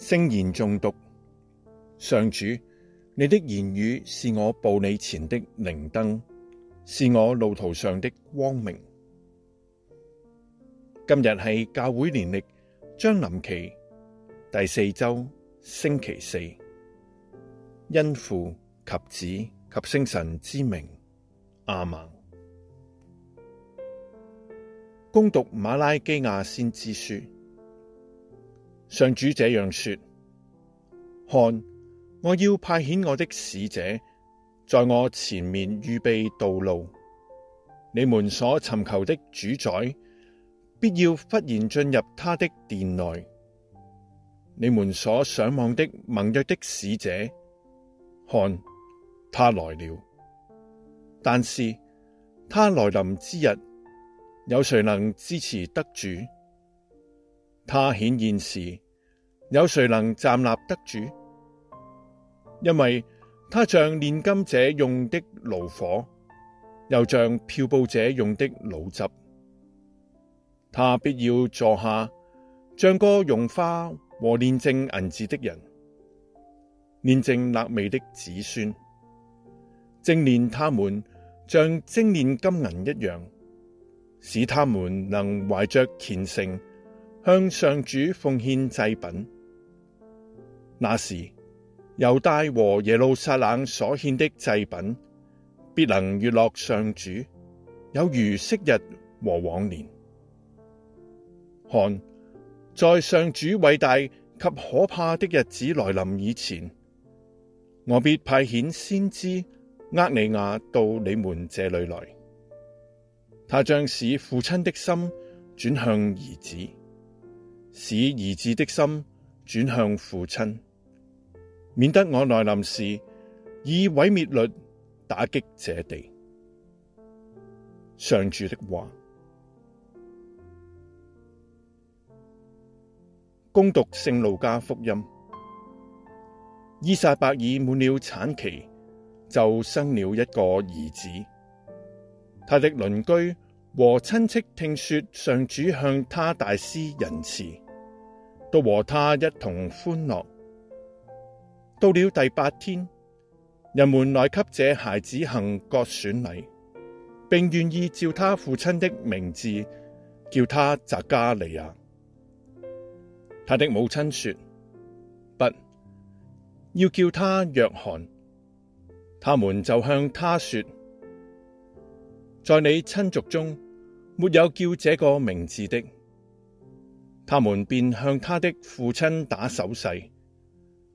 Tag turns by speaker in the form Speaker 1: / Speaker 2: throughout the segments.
Speaker 1: 聖言誦讀，上主，你的言語是我步你前的靈燈，是我路途上的光明。今日係教會年曆將臨期第四周星期四，因父及子及聖神之名，阿門。恭讀馬拉基亞先知書。上主這樣說：看，我要派遣我的使者，在我前面預備道路。你們所尋求的主宰，必要忽然進入他的殿內。你們所想望的盟約的使者，看，他來了。但是他來臨之日，有誰能支持得住？他顯現時，有誰能站立得住？因為他像煉金者用的爐火，又像漂布者用的滷汁，他必要坐下，像個溶化和煉淨銀子的人，煉淨肋未的子孫，精煉他們像精煉金銀一樣，使他們能懷着虔誠向上主奉獻祭品。那時，猶大和耶路撒冷所獻的祭品，必能悅樂上主，有如昔日和往年。看，在上主偉大及可怕的日子來臨以前，我必派遣先知厄里亞到你們這裡來。他將使父親的心轉向兒子，使兒子的心轉向父親。免得我來臨時，以毀滅律打擊這地。上主的話。恭讀聖路加福音，依撒伯爾滿了產期，就生了一個兒子。他的鄰居和親戚聽說上主向他大施仁慈，都和他一同歡樂。到了第八天，人們來給這孩子行割損禮，並願意照他父親的名字叫他匝加利亞。他的母親說：不，要叫他若翰。他們就向他說：在你親族中沒有叫這個名字的。他們便向他的父親打手勢。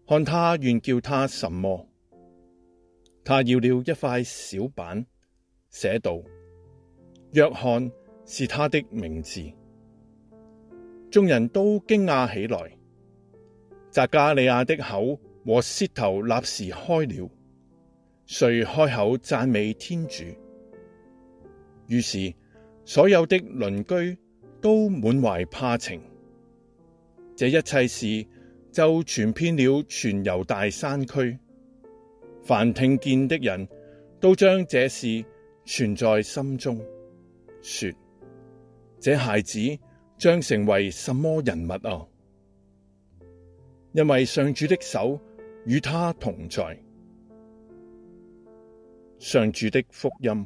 Speaker 1: 看他願叫他什麼，他要了一塊小板，寫道：若翰是他的名字。眾人都驚訝起來，匝加利亞的口和舌頭立時開了，遂開口讚美天主。於是所有的鄰居都滿懷怕情。這一切事，就傳遍了全猶大山區，凡聽見的人都將這事存在心中，說：這孩子將成為什麼人物啊？因為上主的手與他同在。上主的福音。